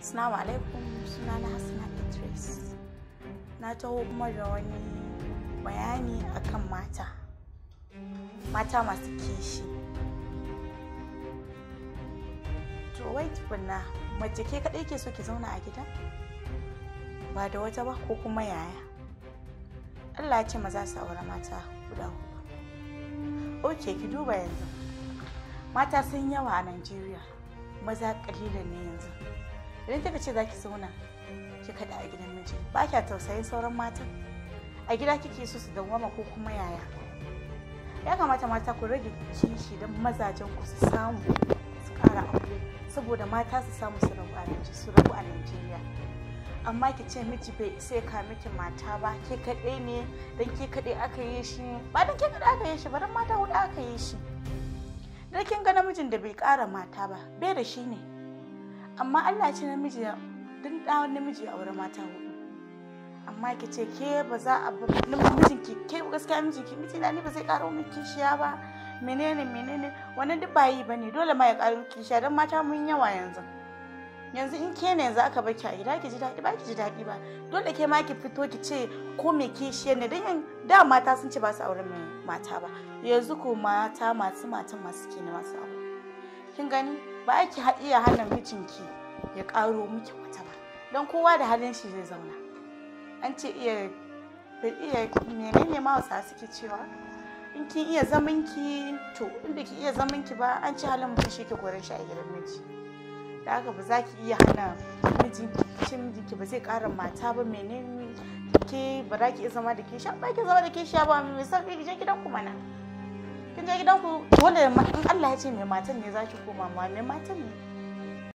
Assalamu alaikum suna na Hassana Idris. Na taho kuma da wani bayani akan mata. Mata masu kishi. To wai tukunna mace ke kaɗai ke so ki zauna a gida? Ba da wata ba ko kuma yaya? Allah ce maza su aure mata guda hudu. Oke ki duba yanzu. Mata sun yawa a Najeriya, maza ƙalilan ne yanzu. idan kika ce zaki zauna ki kada a gidan miji ba kya tausayin sauran mata a gida kike so su dawwama ko kuma yaya ya kamata mata ku rage kishi don mazajen ku su samu su kara aure saboda mata su samu su rabu a su rabu a Najeriya amma ki ce miji bai isa ya ka miki mata ba ke kaɗai ne don ke kaɗai aka yi shi ba don ke kaɗai aka yi shi ba don mata huɗu aka yi shi don kin ga namijin da bai ƙara mata ba bai da shi ne amma Allah ce namiji duk ɗawon namiji ya aure mata hudu amma ki ce ke ba za a namijin ki ke gaskiya mijin ki miji na ni ba zai ƙara min kishiya ba menene menene wannan duk ba ne bane dole ma ya ƙara kishiya don mata mun yawa yanzu yanzu in ke ne yanzu aka baki a gida ki ji daɗi ba ki ji daɗi ba dole ke ma ki fito ki ce ko me kishiya ne don yan da mata sun ce ba su auren mata ba yanzu ko mata masu matan masu kene masu aure kin gani ba ki iya hana mijinki ya karo miki wata ba don kowa da halin shi zai zauna an ce iya iya menene ma wasa suke cewa in kin iya zaman ki to inda ki iya zaman ki ba an ci halin mutum shi ke koran shi a gidan miji da haka ba za ki iya hana mijinki cin mijinki ba zai kara mata ba menene ke ba za ki iya zama da kishiya ba ki zama da kishiya ba mai sauƙi, ki je gidan ku mana kin je gidanku wanda in Allah ya ce mai matan ne zaki koma ma mai matan ne